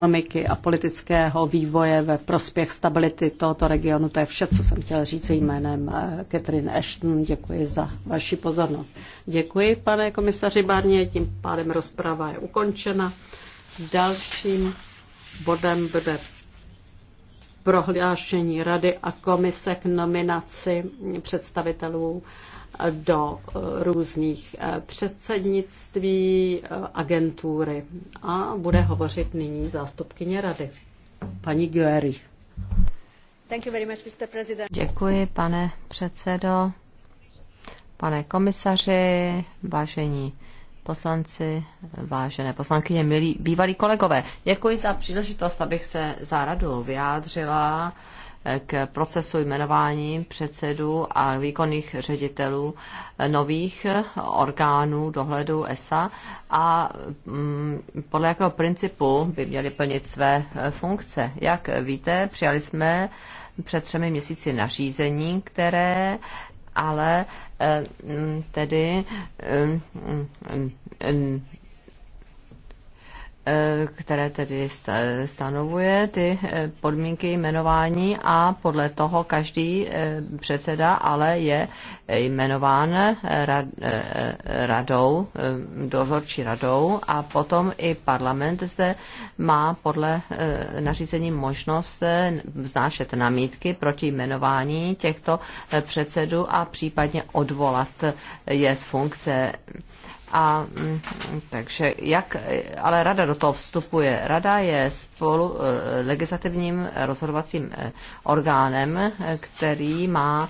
ekonomiky a politického vývoje ve prospěch stability tohoto regionu. To je vše, co jsem chtěl říct jménem eh, Catherine Ashton. Děkuji za vaši pozornost. Děkuji, pane komisaři Barně. Tím pádem rozprava je ukončena. Dalším bodem bude prohlášení Rady a komise k nominaci představitelů do eh, různých eh, předsednictví, eh, agentury. A bude hovořit nyní zástupkyně rady, paní Gueri. Děkuji, pane předsedo, pane komisaři, vážení poslanci, vážené poslankyně, milí bývalí kolegové. Děkuji za příležitost, abych se za radu vyjádřila k procesu jmenování předsedů a výkonných ředitelů nových orgánů dohledu ESA a mm, podle jakého principu by měli plnit své funkce. Jak víte, přijali jsme před třemi měsíci nařízení, které ale eh, mm, tedy eh, mm, které tedy stanovuje ty eh, podmínky jmenování a podle toho každý eh, předseda ale je eh, jmenován radou, dozorčí radou a potom i parlament zde má podle nařízení možnost vznášet namítky proti jmenování těchto předsedů a případně odvolat je z funkce a mm, takže jak, ale rada do toho vstupuje. Rada je spolu eh, legislativním rozhodovacím eh, orgánem, eh, který má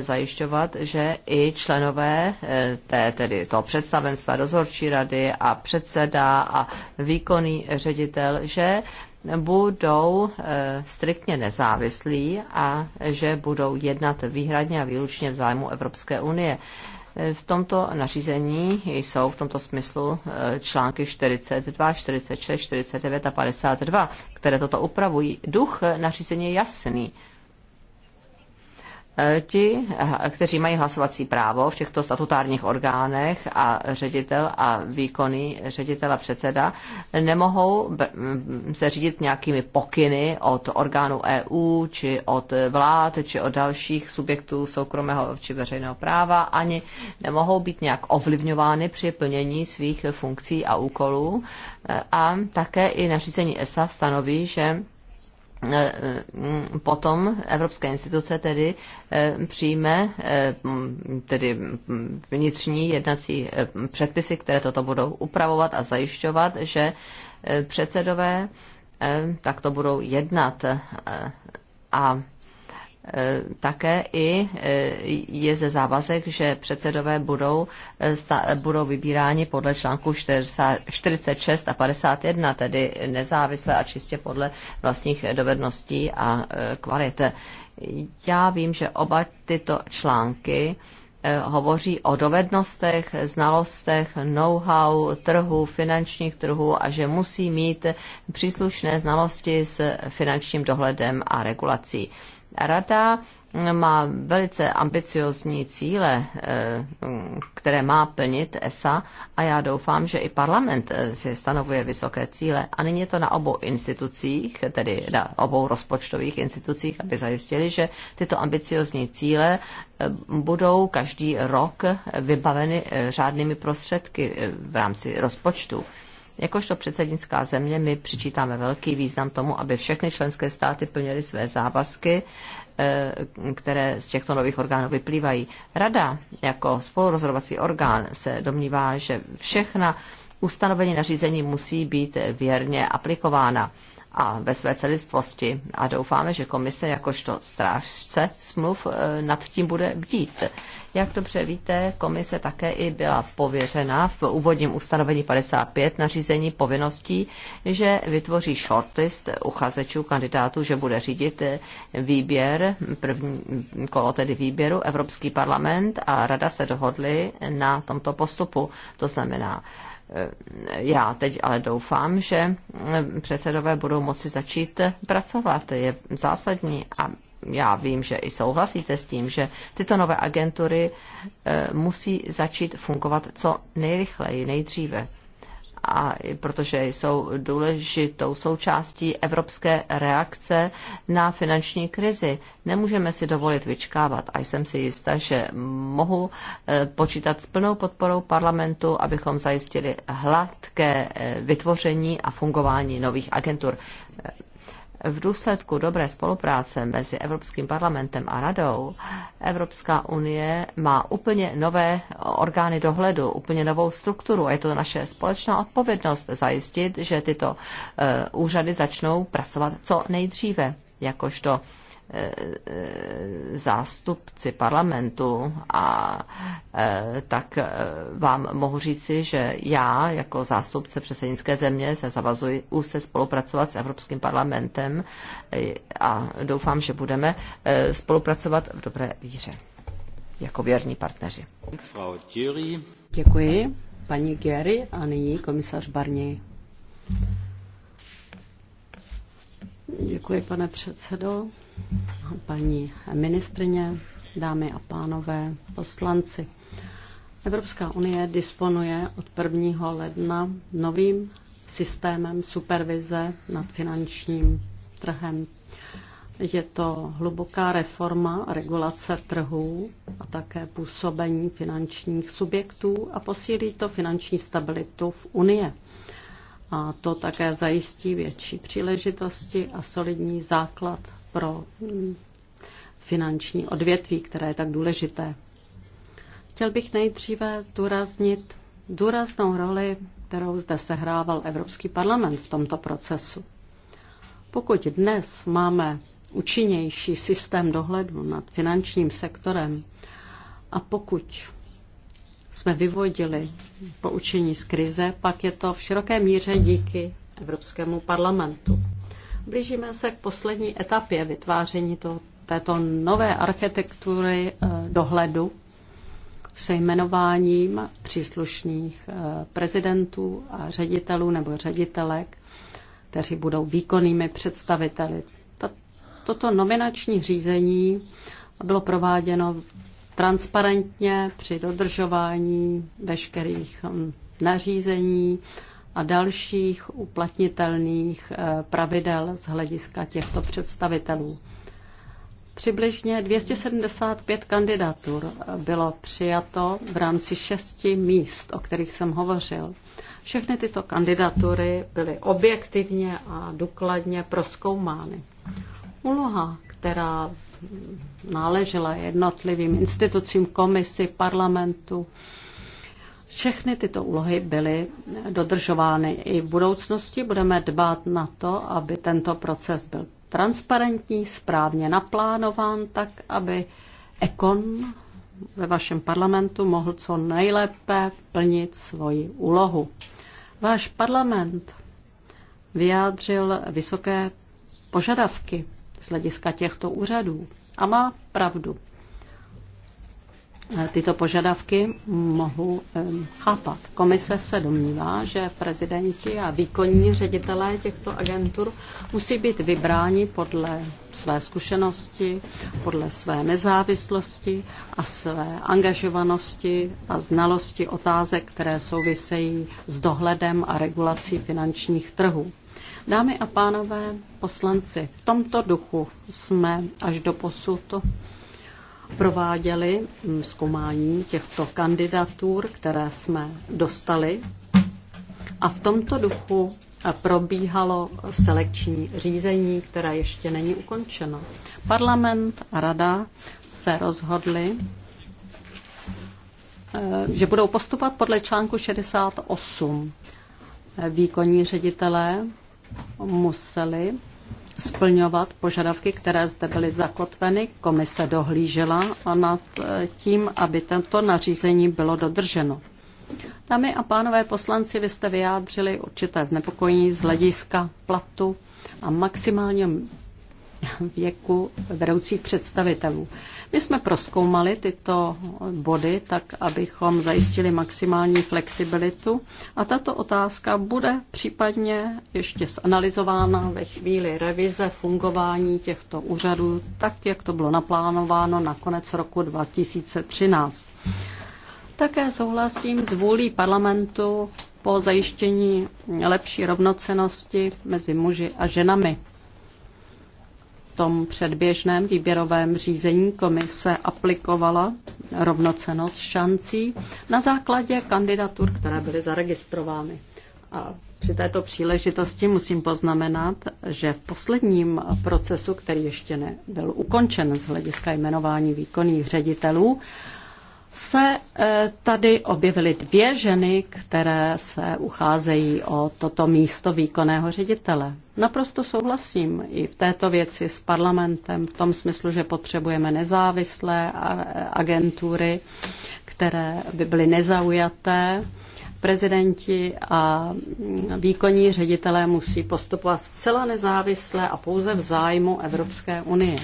zajišťovat, že i členové té, tedy toho představenstva dozorčí rady a předseda a výkonný ředitel, že budou striktně nezávislí a že budou jednat výhradně a výlučně v zájmu Evropské unie. V tomto nařízení jsou v tomto smyslu eh, články 42, 46, 49 a 52, které toto upravují. Duch nařízení je jasný ti, eh, kteří mají hlasovací právo v těchto statutárních orgánech a ředitel a výkonný ředitel a předseda, nemohou eh, se řídit nějakými pokyny od orgánů EU, či od vlád, či od dalších subjektů soukromého či veřejného práva, ani nemohou být nějak ovlivňovány při plnění svých funkcí a úkolů. Eh, a také i nařízení ESA stanoví, že Eh, potom Evropské instituce tedy eh, přijme eh, tedy vnitřní jednací předpisy, které toto budou upravovat a zajišťovat, že předsedové takto budou jednat a Eh, také i eh, je ze závazek, že předsedové budou, eh, budou vybíráni podle článku 46 a 51, tedy nezávisle a čistě podle vlastních dovedností a kvalit. Já vím, že oba tyto články hovoří o dovednostech, znalostech, know-how trhu, finančních trhů a že musí mít příslušné znalosti s finančním dohledem a regulací. Rada má velice ambiciozní cíle, eh, které má plnit ESA a já doufám, že i parlament eh, si stanovuje vysoké cíle. A nyní je to na obou institucích, tedy na obou rozpočtových institucích, aby zajistili, že tyto ambiciozní cíle eh, budou každý rok vybaveny řádnými prostředky v rámci rozpočtu. Jakožto předsednická země my přičítáme velký význam tomu, aby všechny členské státy plnily své závazky, eh, které z těchto nových orgánů vyplývají. Rada jako spolurozhodovací orgán se domnívá, že všechna ustanovení nařízení musí být věrně aplikována a ve své celistvosti. A doufáme, že komise jakožto strážce smluv e, nad tím bude bdít. Jak dobře víte, komise také i byla pověřena v úvodním ustanovení 55 nařízení povinností, že vytvoří shortlist uchazečů kandidátů, že bude řídit e, výběr, první kolo tedy výběru. Evropský parlament a rada se dohodly na tomto postupu. To znamená, já teď ale doufám, že předsedové budou moci začít pracovat. Je zásadní a já vím, že i souhlasíte s tím, že tyto nové agentury eh, musí začít fungovat co nejrychleji, nejdříve a protože jsou důležitou součástí evropské reakce na finanční krizi. Nemůžeme si dovolit vyčkávat a jsem si jistá, že mohu eh, počítat s plnou podporou parlamentu, abychom zajistili hladké eh, vytvoření a fungování nových agentur v důsledku dobré spolupráce mezi Evropským parlamentem a radou Evropská unie má úplně nové orgány dohledu, úplně novou strukturu a je to naše společná odpovědnost zajistit, že tyto eh, úřady začnou pracovat co nejdříve jakožto Eh, eh, zástupci parlamentu a eh, tak vám mohu říci, že já jako zástupce předsednické země se zavazuji už se spolupracovat s Evropským parlamentem a doufám, že budeme spolupracovat v dobré víře jako věrní partneři. Děkuji, paní Gery a nyní komisař Barnier. Děkuji, pane předsedo, paní ministrině, dámy a pánové, poslanci. Evropská unie disponuje od 1. ledna novým systémem supervize nad finančním trhem. Je to hluboká reforma regulace trhů a také působení finančních subjektů a posílí to finanční stabilitu v Unie. A to také zajistí větší příležitosti a solidní základ pro mm, finanční odvětví, které je tak důležité. Chtěl bych nejdříve zdůraznit důraznou roli, kterou zde sehrával Evropský parlament v tomto procesu. Pokud dnes máme účinnější systém dohledu nad finančním sektorem a pokud jsme vyvodili poučení z krize, pak je to v široké míře díky Evropskému parlamentu. Blížíme se k poslední etapě vytváření to, této nové architektury eh, dohledu se jmenováním příslušných eh, prezidentů a ředitelů nebo ředitelek, kteří budou výkonnými představiteli. Toto nominační řízení bylo prováděno transparentně při dodržování veškerých hm, nařízení a dalších uplatnitelných eh, pravidel z hlediska těchto představitelů. Přibližně 275 kandidatur eh, bylo přijato v rámci šesti míst, o kterých jsem hovořil. Všechny tyto kandidatury byly objektivně a důkladně proskoumány. Úloha, která náležela jednotlivým institucím, komisi, parlamentu. Všechny tyto úlohy byly dodržovány. I v budoucnosti budeme dbát na to, aby tento proces byl transparentní, správně naplánován, tak aby ekon ve vašem parlamentu mohl co nejlépe plnit svoji úlohu. Váš parlament vyjádřil vysoké požadavky z hlediska těchto úřadů. A má pravdu. E, tyto požadavky mohu chápat. Komise se domnívá, že prezidenti a výkonní ředitelé těchto agentur musí být vybráni podle své zkušenosti, podle své nezávislosti a své angažovanosti a znalosti otázek, které souvisejí s dohledem a regulací finančních trhů. Dámy a pánové poslanci, v tomto duchu jsme až do posud prováděli mm, zkoumání těchto kandidatur, které jsme dostali. A v tomto duchu eh, probíhalo selekční řízení, které ještě není ukončeno. Parlament a rada se rozhodli, eh, že budou postupovat podle článku 68. Výkonní ředitelé museli splňovat požadavky, které zde byly zakotveny. Komise dohlížela nad eh, tím, aby tento nařízení bylo dodrženo. Dámy a pánové poslanci, vy jste vyjádřili určité znepokojení z hlediska platu a maximálně věku vedoucích představitelů. My jsme proskoumali tyto body tak, abychom zajistili maximální flexibilitu a tato otázka bude případně ještě zanalizována ve chvíli revize fungování těchto úřadů, tak jak to bylo naplánováno na konec roku 2013. Také souhlasím s vůlí parlamentu po zajištění lepší rovnocenosti mezi muži a ženami tom předběžném výběrovém řízení komise aplikovala rovnocenost šancí na základě kandidatur, které byly zaregistrovány. A při této příležitosti musím poznamenat, že v posledním procesu, který ještě nebyl ukončen z hlediska jmenování výkonných ředitelů, se eh, tady objevily dvě ženy, které se ucházejí o toto místo výkonného ředitele. Naprosto souhlasím i v této věci s parlamentem v tom smyslu, že potřebujeme nezávislé eh, agentury, které by byly nezaujaté. Prezidenti a mm, výkonní ředitelé musí postupovat zcela nezávisle a pouze v zájmu Evropské unie.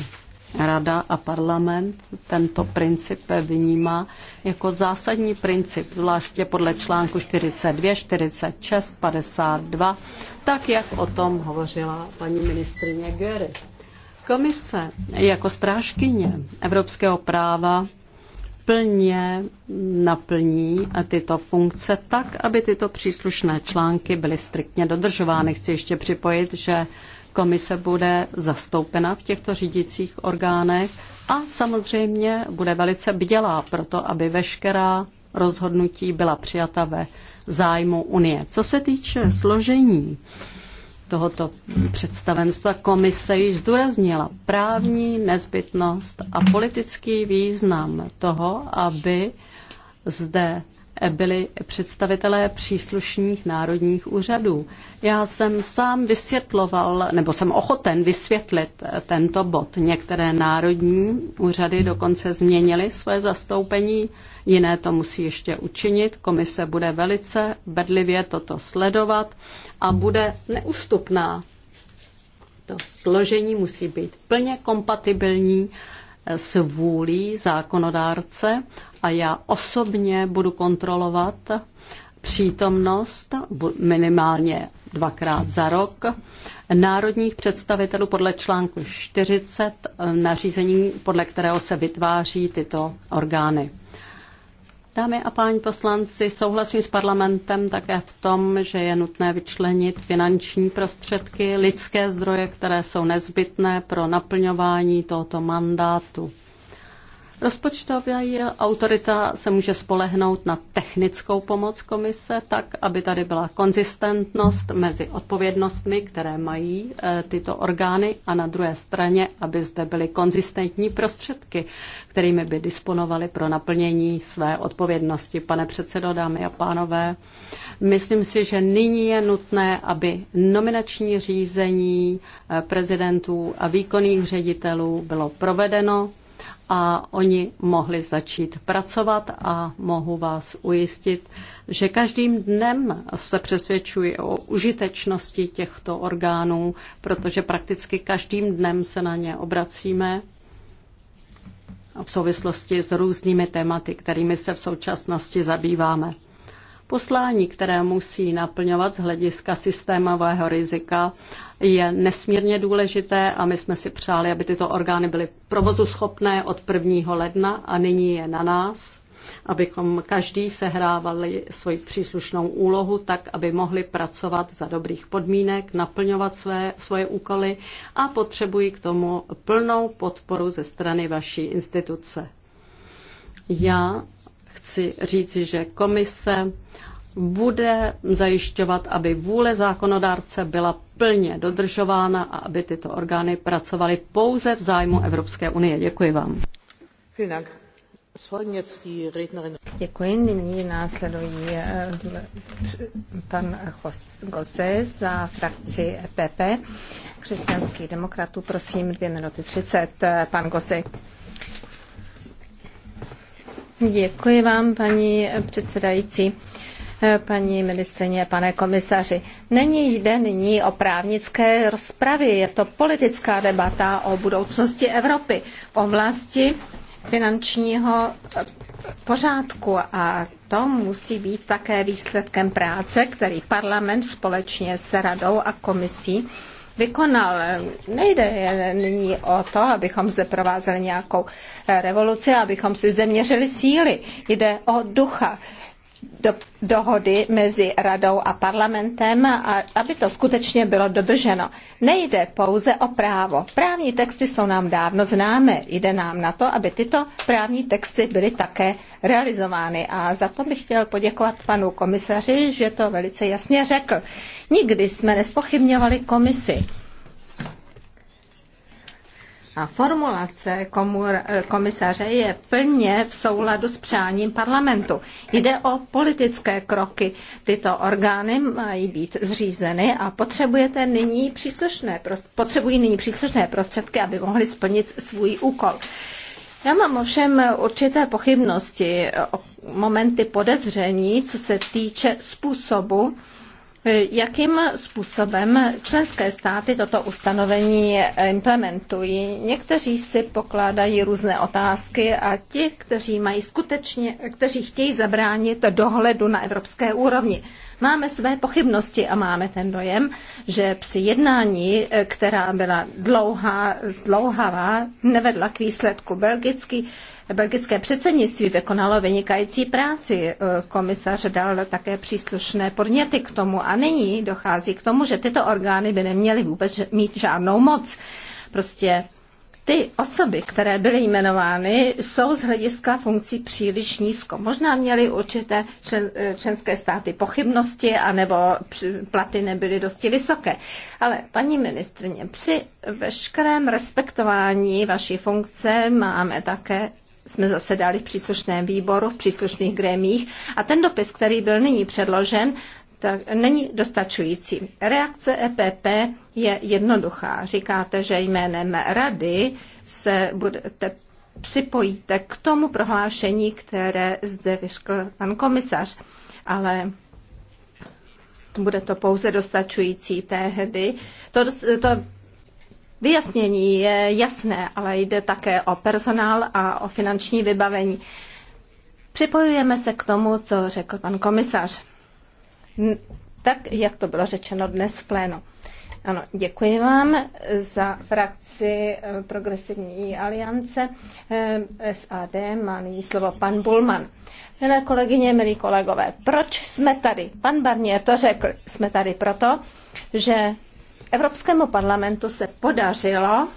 Rada a parlament tento princip vnímá jako zásadní princip, zvláště podle článku 42, 46, 52, tak jak o tom hovořila paní ministrině Gery. Komise jako strážkyně evropského práva plně naplní tyto funkce tak, aby tyto příslušné články byly striktně dodržovány. Chci ještě připojit, že Komise bude zastoupena v těchto řídících orgánech a samozřejmě bude velice bdělá pro to, aby veškerá rozhodnutí byla přijata ve zájmu Unie. Co se týče složení tohoto představenstva, komise již zdůraznila právní nezbytnost a politický význam toho, aby zde byli představitelé příslušných národních úřadů. Já jsem sám vysvětloval, nebo jsem ochoten vysvětlit eh, tento bod. Některé národní úřady dokonce změnily své zastoupení, jiné to musí ještě učinit. Komise bude velice bedlivě toto sledovat a bude neústupná. To složení musí být plně kompatibilní eh, s vůlí zákonodárce a já osobně budu kontrolovat přítomnost minimálně dvakrát za rok národních představitelů podle článku 40 eh, nařízení, podle kterého se vytváří tyto orgány. Dámy a páni poslanci, souhlasím s parlamentem také v tom, že je nutné vyčlenit finanční prostředky, lidské zdroje, které jsou nezbytné pro naplňování tohoto mandátu. Rozpočtově autorita se může spolehnout na technickou pomoc komise, tak aby tady byla konzistentnost mezi odpovědnostmi, které mají eh, tyto orgány, a na druhé straně, aby zde byly konzistentní prostředky, kterými by disponovali pro naplnění své odpovědnosti. Pane předsedo, dámy a pánové, myslím si, že nyní je nutné, aby nominační řízení eh, prezidentů a výkonných ředitelů bylo provedeno a oni mohli začít pracovat a mohu vás ujistit, že každým dnem se přesvědčuji o užitečnosti těchto orgánů, protože prakticky každým dnem se na ně obracíme v souvislosti s různými tématy, kterými se v současnosti zabýváme. Poslání, které musí naplňovat z hlediska systémového rizika, je nesmírně důležité a my jsme si přáli, aby tyto orgány byly provozuschopné od 1. ledna a nyní je na nás, abychom každý sehrávali svoji příslušnou úlohu tak, aby mohli pracovat za dobrých podmínek, naplňovat své, svoje úkoly a potřebují k tomu plnou podporu ze strany vaší instituce. Já chci říci, že komise bude zajišťovat, aby vůle zákonodárce byla plně dodržována a aby tyto orgány pracovaly pouze v zájmu Evropské unie. Děkuji vám. Děkuji. Nyní následují eh, pan Jose za frakci EPP, Křesťanských demokratů, prosím, dvě minuty třicet. Eh, pan Gosy. Děkuji vám, paní předsedající eh, paní ministrině, pane komisaři. Není jde nyní o právnické rozpravy, je to politická debata o budoucnosti Evropy v oblasti finančního eh, pořádku a to musí být také výsledkem práce, který parlament společně s radou a komisí vykonal. Nejde nyní o to, abychom zde provázeli nějakou revoluci, abychom si zde měřili síly. Jde o ducha do, dohody mezi radou a parlamentem, a aby to skutečně bylo dodrženo. Nejde pouze o právo. Právní texty jsou nám dávno známe. Jde nám na to, aby tyto právní texty byly také realizovány. A za to bych chtěl poděkovat panu komisaři, že to velice jasně řekl. Nikdy jsme nespochybňovali komisi a formulace komur, komisaře je plně v souladu s přáním parlamentu. Jde o politické kroky. Tyto orgány mají být zřízeny a potřebujete nyní příslušné, potřebují nyní příslušné prostředky, aby mohli splnit svůj úkol. Já mám ovšem určité pochybnosti, momenty podezření, co se týče způsobu, Jakým způsobem členské státy toto ustanovení implementují? Někteří si pokládají různé otázky a ti, kteří mají skutečně, kteří chtějí zabránit dohledu na evropské úrovni máme své pochybnosti a máme ten dojem, že při jednání, eh, která byla dlouhá, zdlouhavá, nevedla k výsledku. Belgický Belgické předsednictví vykonalo vynikající práci. Eh, komisař dal také příslušné podněty k tomu a nyní dochází k tomu, že tyto orgány by neměly vůbec mít žádnou moc. Prostě ty osoby, které byly jmenovány, jsou z hlediska funkcí příliš nízko. Možná měly určité člen, eh, členské státy pochybnosti, anebo platy nebyly dosti vysoké. Ale paní ministrně, při veškerém respektování vaší funkce máme také jsme zasedali v příslušném výboru, v příslušných grémích a ten dopis, který byl nyní předložen, tak není dostačující. Reakce EPP je jednoduchá. Říkáte, že jménem rady se budete připojíte k tomu prohlášení, které zde vyškl pan komisař. Ale bude to pouze dostačující tehdy. To, to vyjasnění je jasné, ale jde také o personál a o finanční vybavení. Připojujeme se k tomu, co řekl pan komisař tak, jak to bylo řečeno dnes v plénu. Ano, děkuji vám za frakci eh, Progresivní aliance eh, SAD. Má nyní slovo pan Bulman. Milé kolegyně, milí kolegové, proč jsme tady? Pan Barnier to řekl. Jsme tady proto, že Evropskému parlamentu se podařilo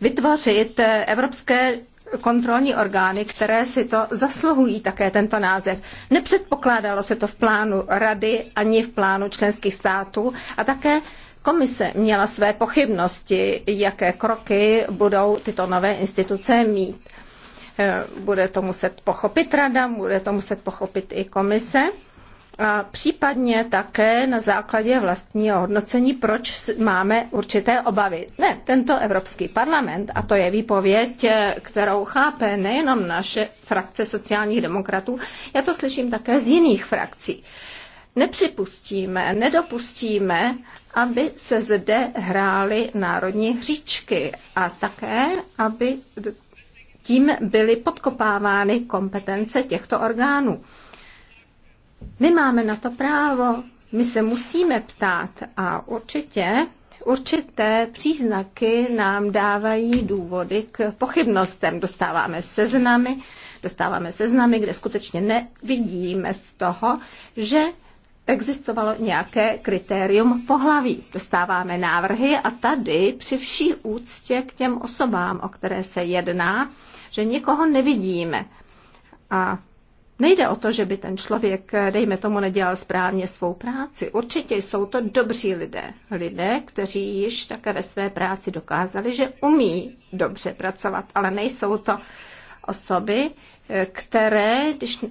vytvořit eh, evropské kontrolní orgány, které si to zasluhují také tento název. Nepředpokládalo se to v plánu rady ani v plánu členských států a také Komise měla své pochybnosti, jaké kroky budou tyto nové instituce mít. Eh, bude to muset pochopit rada, bude to muset pochopit i komise a případně také na základě vlastního hodnocení, proč máme určité obavy. Ne, tento Evropský parlament, a to je výpověď, eh, kterou chápe nejenom naše frakce sociálních demokratů, já to slyším také z jiných frakcí. Nepřipustíme, nedopustíme, aby se zde hrály národní hříčky a také, aby tím byly podkopávány kompetence těchto orgánů. My máme na to právo, my se musíme ptát a určitě určité příznaky nám dávají důvody k pochybnostem. Dostáváme seznamy, dostáváme seznamy, kde skutečně nevidíme z toho, že existovalo nějaké kritérium pohlaví. Dostáváme návrhy a tady při vší úctě k těm osobám, o které se jedná, že někoho nevidíme. A Nejde o to, že by ten člověk, dejme tomu, nedělal správně svou práci. Určitě jsou to dobří lidé. Lidé, kteří již také ve své práci dokázali, že umí dobře pracovat, ale nejsou to osoby, které, když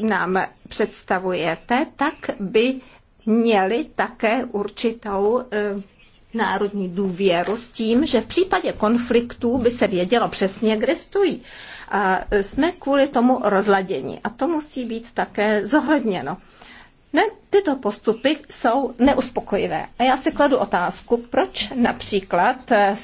nám představujete, tak by měly také určitou eh, národní důvěru s tím, že v případě konfliktů by se vědělo přesně, kde stojí. A e, jsme kvůli tomu rozladěni. A to musí být také zohledněno. Ne, tyto postupy jsou neuspokojivé. A já si kladu otázku, proč například e,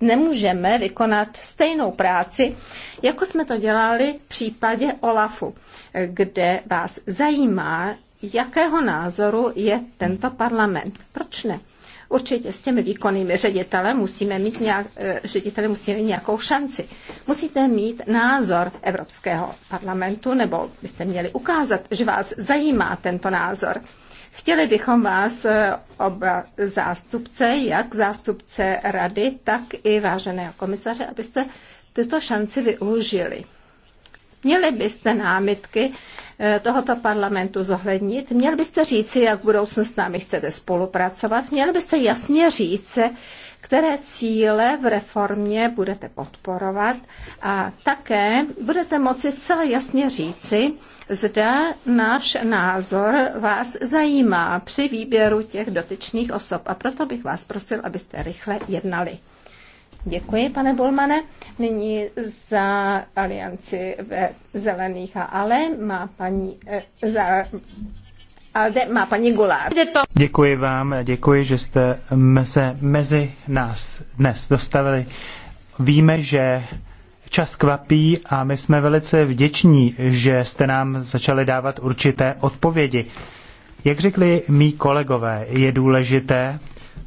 nemůžeme vykonat stejnou práci, jako jsme to dělali v případě OLAFu, e, kde vás zajímá, jakého názoru je tento parlament. Proč ne? Určitě s těmi výkonnými ředitele musíme mít nějak, eh, ředitele musíme mít nějakou šanci. Musíte mít názor Evropského parlamentu, nebo byste měli ukázat, že vás zajímá tento názor. Chtěli bychom vás eh, oba zástupce, jak zástupce rady, tak i váženého komisaře, abyste tuto šanci využili. Měli byste námitky Eh, tohoto parlamentu zohlednit. Měl byste říci, jak v budoucnu s námi chcete spolupracovat. Měl byste jasně říct, které cíle v reformě budete podporovat a také budete moci zcela jasně říci, zda náš názor vás zajímá při výběru těch dotyčných osob. A proto bych vás prosil, abyste rychle jednali. Děkuji, pane Bolmane, Nyní za alianci ve zelených a ale má paní eh, za Alde, má paní Gulár. Děkuji vám, děkuji, že jste se mezi nás dnes dostavili. Víme, že čas kvapí a my jsme velice vděční, že jste nám začali dávat určité odpovědi. Jak řekli mý kolegové, je důležité,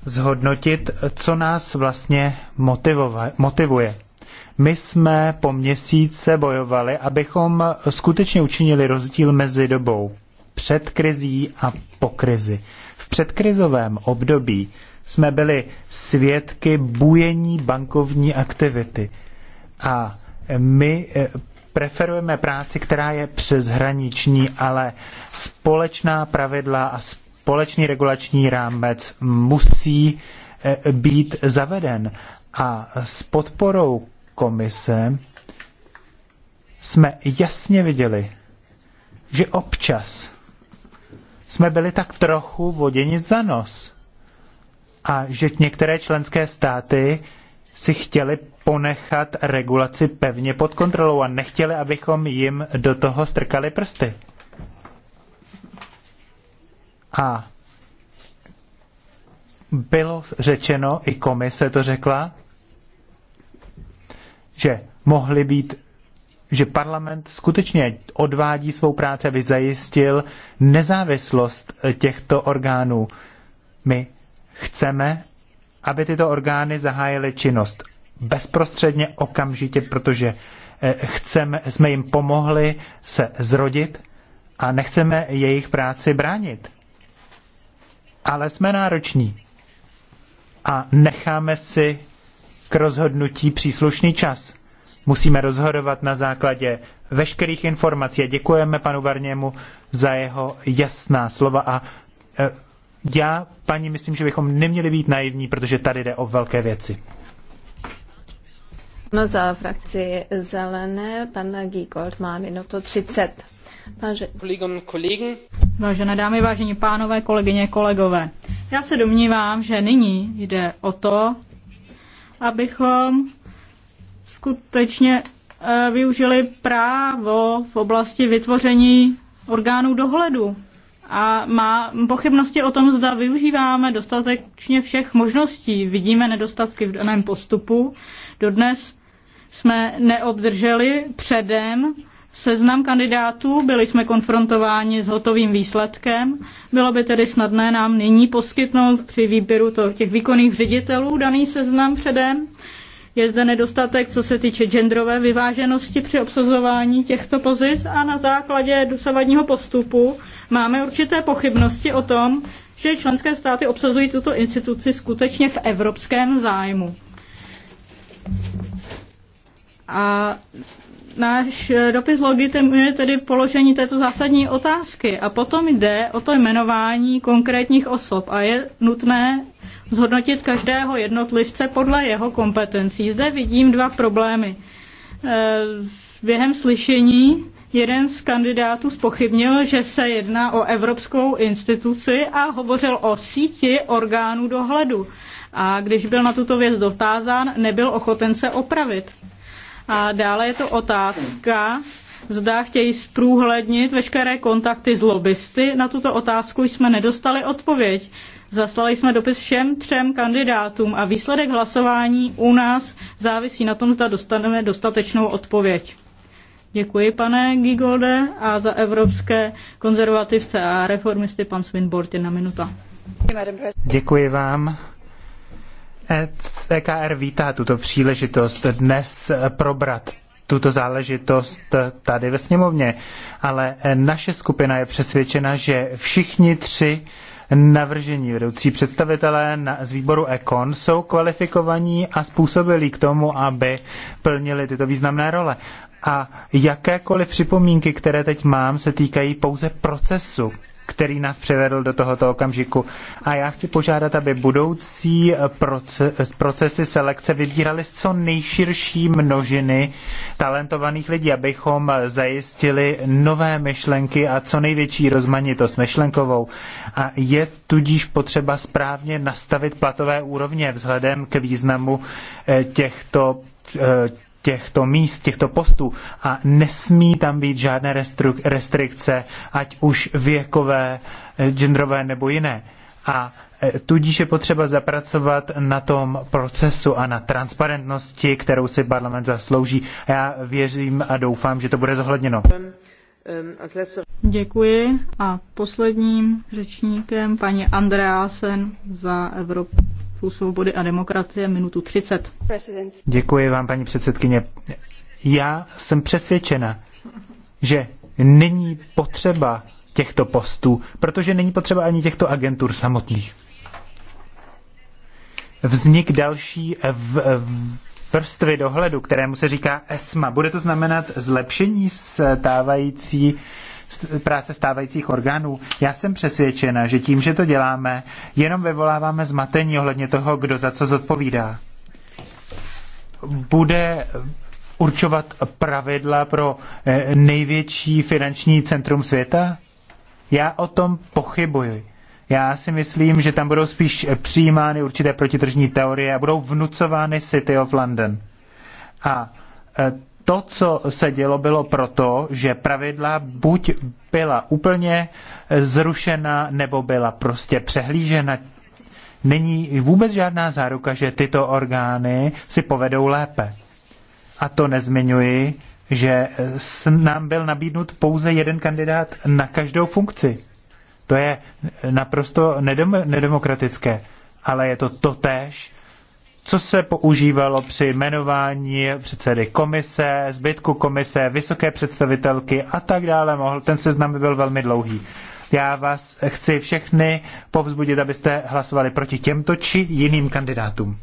zhodnotit, co nás vlastně motivuje. My jsme po měsíce bojovali, abychom skutečně učinili rozdíl mezi dobou před krizí a po krizi. V předkrizovém období jsme byli svědky bujení bankovní aktivity a my eh, preferujeme práci, která je přeshraniční, ale společná pravidla a společný regulační rámec musí eh, být zaveden. A s podporou komise jsme jasně viděli, že občas jsme byli tak trochu voděni za nos a že některé členské státy si chtěli ponechat regulaci pevně pod kontrolou a nechtěli, abychom jim do toho strkali prsty. A bylo řečeno, i komise to řekla, že mohli být, že parlament skutečně odvádí svou práci, aby zajistil nezávislost těchto orgánů. My chceme, aby tyto orgány zahájily činnost bezprostředně, okamžitě, protože eh, chceme, jsme jim pomohli se zrodit a nechceme jejich práci bránit ale jsme nároční a necháme si k rozhodnutí příslušný čas. Musíme rozhodovat na základě veškerých informací a děkujeme panu Barněmu za jeho jasná slova a eh, já, paní, myslím, že bychom neměli být naivní, protože tady jde o velké věci. No za frakci zelené, pan Giegold má minutu 30. Váže... Vážené dámy, vážení pánové, kolegyně, kolegové. Já se domnívám, že nyní jde o to, abychom skutečně eh, využili právo v oblasti vytvoření orgánů dohledu. A má pochybnosti o tom, zda využíváme dostatečně všech možností. Vidíme nedostatky v daném postupu. Dodnes jsme neobdrželi předem seznam kandidátů, byli jsme konfrontováni s hotovým výsledkem. Bylo by tedy snadné nám nyní poskytnout při výběru to, těch výkonných ředitelů daný seznam předem. Je zde nedostatek, co se týče genderové vyváženosti při obsazování těchto pozic a na základě dosavadního postupu máme určité pochybnosti o tom, že členské státy obsazují tuto instituci skutečně v evropském zájmu. A náš dopis je tedy položení této zásadní otázky a potom jde o to jmenování konkrétních osob a je nutné zhodnotit každého jednotlivce podle jeho kompetencí. Zde vidím dva problémy. E, během slyšení jeden z kandidátů spochybnil, že se jedná o evropskou instituci a hovořil o síti orgánů dohledu. A když byl na tuto věc dotázán, nebyl ochoten se opravit. A dále je to otázka, zda chtějí zprůhlednit veškeré kontakty s lobbysty. Na tuto otázku jsme nedostali odpověď. Zaslali jsme dopis všem třem kandidátům a výsledek hlasování u nás závisí na tom, zda dostaneme dostatečnou odpověď. Děkuji, pane Gigolde, a za evropské konzervativce a reformisty pan je na minuta. Děkuji vám. CKR vítá tuto příležitost dnes probrat tuto záležitost tady ve sněmovně, ale naše skupina je přesvědčena, že všichni tři navržení vedoucí představitelé na, z výboru Econ jsou kvalifikovaní a způsobilí k tomu, aby plnili tyto významné role. A jakékoliv připomínky, které teď mám, se týkají pouze procesu který nás přivedl do tohoto okamžiku. A já chci požádat, aby budoucí eh, proces, eh, procesy selekce vybíraly z co nejširší množiny talentovaných lidí, abychom eh, zajistili nové myšlenky a co největší rozmanitost myšlenkovou. A je tudíž potřeba správně nastavit platové úrovně vzhledem k významu těchto těchto míst, těchto postů a nesmí tam být žádné restruk, restrikce, ať už věkové, eh, genderové nebo jiné. A eh, tudíž je potřeba zapracovat na tom procesu a na transparentnosti, kterou si parlament zaslouží. A já věřím a doufám, že to bude zohledněno. Děkuji a posledním řečníkem paní Andreasen za Evropu Parlamentu svobody a demokracie minutu 30. Děkuji vám, paní předsedkyně. Já jsem přesvědčena, že není potřeba těchto postů, protože není potřeba ani těchto agentur samotných. Vznik další v, vrstvy dohledu, kterému se říká ESMA, bude to znamenat zlepšení stávající práce stávajících orgánů. Já jsem přesvědčena, že tím, že to děláme, jenom vyvoláváme zmatení ohledně toho, kdo za co zodpovídá. Bude určovat pravidla pro eh, největší finanční centrum světa? Já o tom pochybuji. Já si myslím, že tam budou spíš přijímány určité protitržní teorie a budou vnucovány City of London. A eh, to, co se dělo, bylo proto, že pravidla buď byla úplně zrušena, nebo byla prostě přehlížena. Není vůbec žádná záruka, že tyto orgány si povedou lépe. A to nezmiňuji, že nám byl nabídnut pouze jeden kandidát na každou funkci. To je naprosto nedem- nedemokratické, ale je to totéž, co se používalo při jmenování předsedy komise, zbytku komise, vysoké představitelky a tak dále. Mohl, ten seznam by byl velmi dlouhý. Já vás chci všechny povzbudit, abyste hlasovali proti těmto či jiným kandidátům.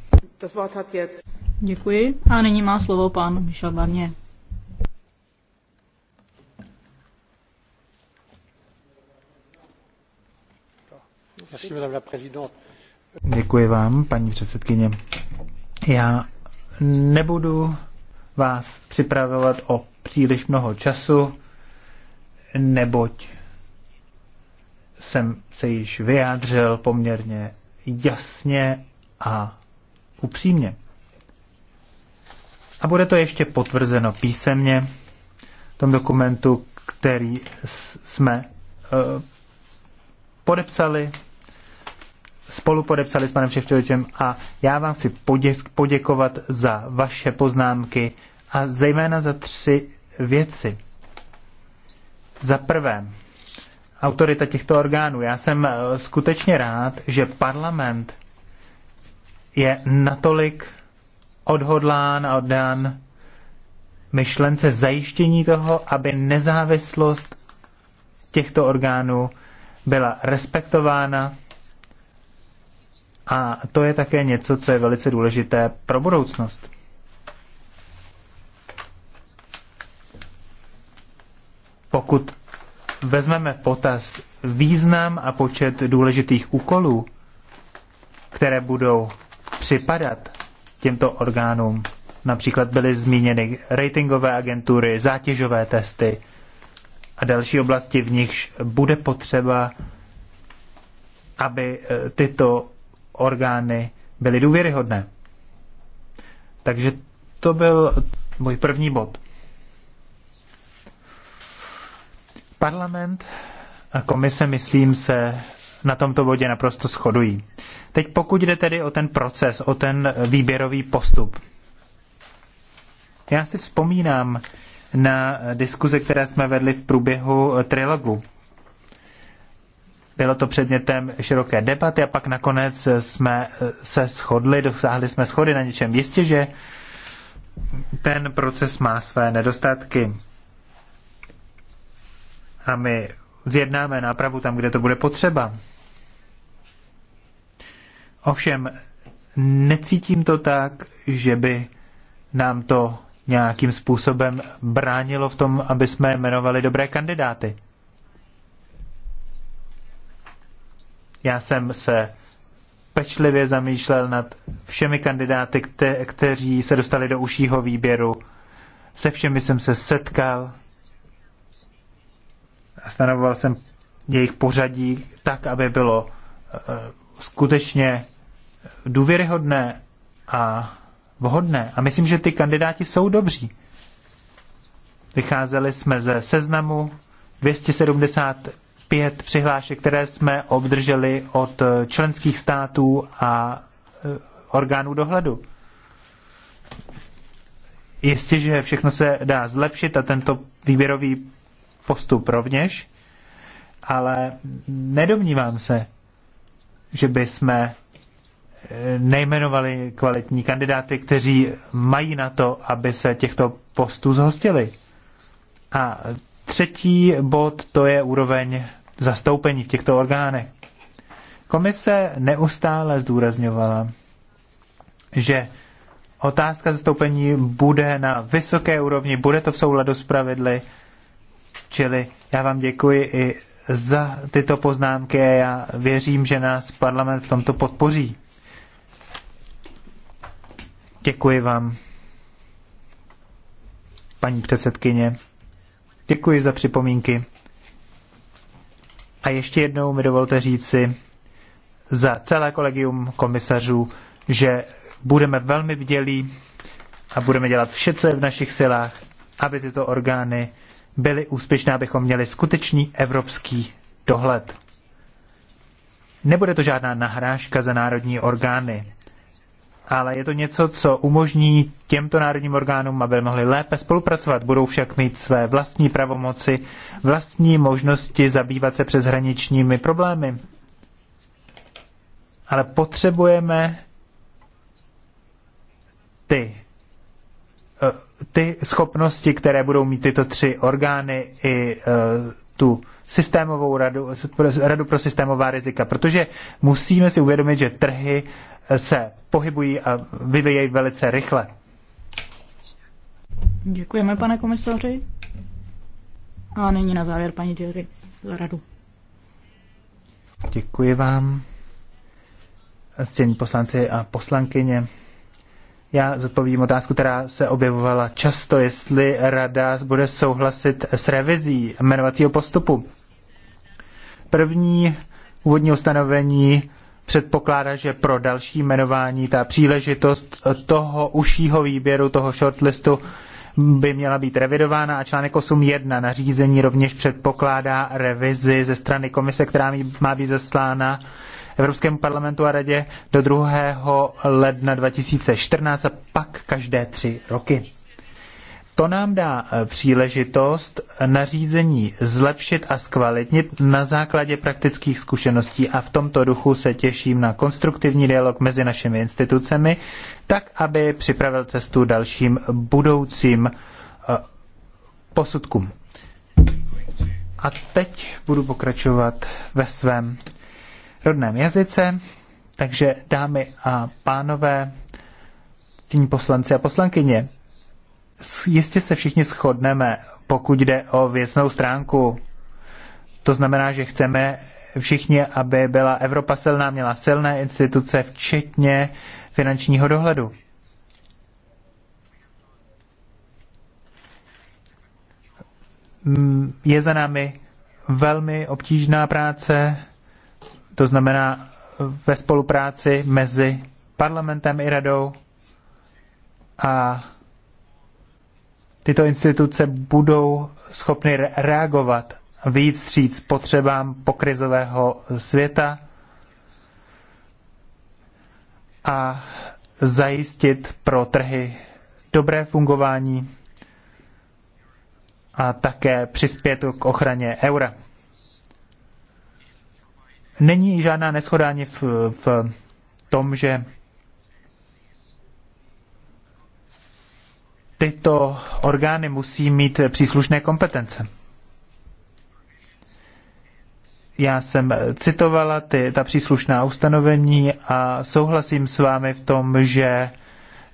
Děkuji. A nyní má slovo pan Michel Barnier. Děkuji vám, paní předsedkyně. Já nebudu vás připravovat o příliš mnoho času, neboť jsem se již vyjádřil poměrně jasně a upřímně. A bude to ještě potvrzeno písemně v tom dokumentu, který jsme eh, podepsali spolu podepsali s panem Ševčovičem a já vám chci poděk, poděkovat za vaše poznámky a zejména za tři věci. Za prvé, autorita těchto orgánů. Já jsem eh, skutečně rád, že parlament je natolik odhodlán a oddán myšlence zajištění toho, aby nezávislost těchto orgánů byla respektována a to je také něco, co je velice důležité pro budoucnost. Pokud vezmeme potaz význam a počet důležitých úkolů, které budou připadat těmto orgánům, například byly zmíněny ratingové agentury, zátěžové testy a další oblasti, v nichž bude potřeba, aby eh, tyto orgány byly důvěryhodné. Takže to byl můj první bod. Parlament a komise, myslím, se na tomto bodě naprosto shodují. Teď pokud jde tedy o ten proces, o ten výběrový postup. Já si vzpomínám na diskuze, které jsme vedli v průběhu trilogu bylo to předmětem široké debaty a pak nakonec jsme eh, se shodli, dosáhli jsme schody na něčem. Jistě, že ten proces má své nedostatky. A my zjednáme nápravu tam, kde to bude potřeba. Ovšem, necítím to tak, že by nám to nějakým způsobem bránilo v tom, aby jsme jmenovali dobré kandidáty. Já jsem se pečlivě zamýšlel nad všemi kandidáty, kte- kteří se dostali do užšího výběru. Se všemi jsem se setkal a stanovoval jsem jejich pořadí tak, aby bylo uh, skutečně důvěryhodné a vhodné. A myslím, že ty kandidáti jsou dobří. Vycházeli jsme ze seznamu 270 pět přihlášek, které jsme obdrželi od eh, členských států a eh, orgánů dohledu. Jistě, že všechno se dá zlepšit a tento výběrový postup rovněž, ale nedomnívám se, že by jsme eh, nejmenovali kvalitní kandidáty, kteří mají na to, aby se těchto postů zhostili. A třetí bod to je úroveň zastoupení v těchto orgánech. Komise neustále zdůrazňovala, že otázka zastoupení bude na vysoké úrovni, bude to v souladu s pravidly, čili já vám děkuji i za tyto poznámky a já věřím, že nás parlament v tomto podpoří. Děkuji vám, paní předsedkyně. Děkuji za připomínky. A ještě jednou mi dovolte říci za celé kolegium komisařů, že budeme velmi vdělí a budeme dělat vše, co je v našich silách, aby tyto orgány byly úspěšné, abychom měli skutečný evropský dohled. Nebude to žádná nahrážka za národní orgány ale je to něco, co umožní těmto národním orgánům, aby mohli lépe spolupracovat. Budou však mít své vlastní pravomoci, vlastní možnosti zabývat se přeshraničními problémy. Ale potřebujeme ty, eh, ty schopnosti, které budou mít tyto tři orgány i eh, tu systémovou radu, radu pro systémová rizika, protože musíme si uvědomit, že trhy se pohybují a vyvíjejí velice rychle. Děkujeme, pane komisaři. A nyní na závěr paní Děry za radu. Děkuji vám, stění poslanci a poslankyně. Já zodpovím otázku, která se objevovala často, jestli rada bude souhlasit s revizí jmenovacího postupu. První úvodní ustanovení předpokládá, že pro další jmenování ta příležitost toho užšího výběru, toho shortlistu, by měla být revidována a článek 8.1 nařízení rovněž předpokládá revizi ze strany komise, která má být zaslána Evropskému parlamentu a radě do 2. ledna 2014 a pak každé tři roky. To nám dá eh, příležitost nařízení zlepšit a zkvalitnit na základě praktických zkušeností a v tomto duchu se těším na konstruktivní dialog mezi našimi institucemi, tak aby připravil cestu dalším budoucím eh, posudkům. A teď budu pokračovat ve svém rodném jazyce, takže dámy a pánové, tím poslanci a poslankyně, jistě se všichni shodneme, pokud jde o věcnou stránku. To znamená, že chceme všichni, aby byla Evropa silná, měla silné instituce, včetně finančního dohledu. Mm, je za námi velmi obtížná práce, to znamená ve spolupráci mezi parlamentem i radou a tyto instituce budou schopny reagovat, vyjít vstříc potřebám pokrizového světa a zajistit pro trhy dobré fungování a také přispět k ochraně eura. Není žádná neschodání v, v tom, že tyto orgány musí mít příslušné kompetence. Já jsem citovala ty, ta příslušná ustanovení a souhlasím s vámi v tom, že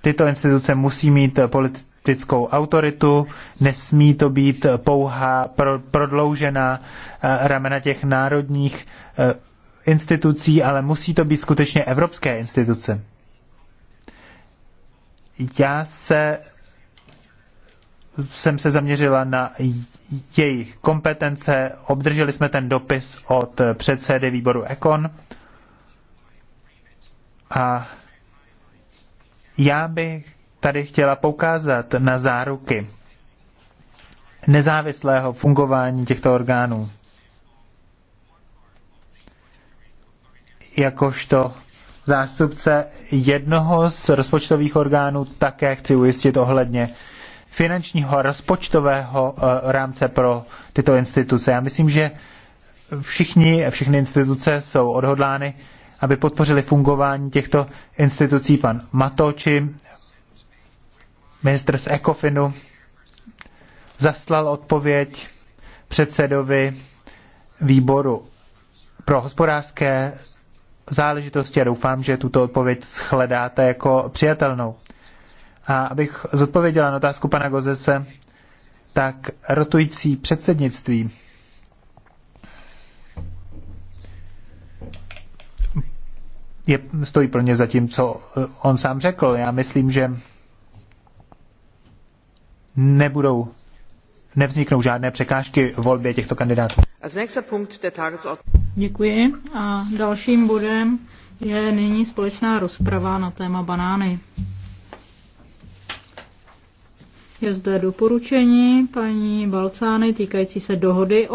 tyto instituce musí mít politickou autoritu, nesmí to být pouhá, pro, prodloužená eh, ramena těch národních eh, institucí, ale musí to být skutečně evropské instituce. Já se jsem se zaměřila na jejich kompetence. Obdrželi jsme ten dopis od předsedy výboru Econ. A já bych tady chtěla poukázat na záruky nezávislého fungování těchto orgánů. Jakožto zástupce jednoho z rozpočtových orgánů také chci ujistit ohledně finančního a rozpočtového eh, rámce pro tyto instituce. Já myslím, že všichni, všechny instituce jsou odhodlány, aby podpořili fungování těchto institucí. Pan Matoči, ministr z Ecofinu, zaslal odpověď předsedovi výboru pro hospodářské záležitosti a doufám, že tuto odpověď shledáte jako přijatelnou. A abych zodpověděla na otázku pana Gozese, tak rotující předsednictví je, stojí pro ně za tím, co eh, on sám řekl. Já myslím, že nebudou nevzniknou žádné překážky volbě těchto kandidátů. Děkuji a dalším bodem je nyní společná rozprava na téma banány. Je zde doporučení paní Balcány týkající se dohody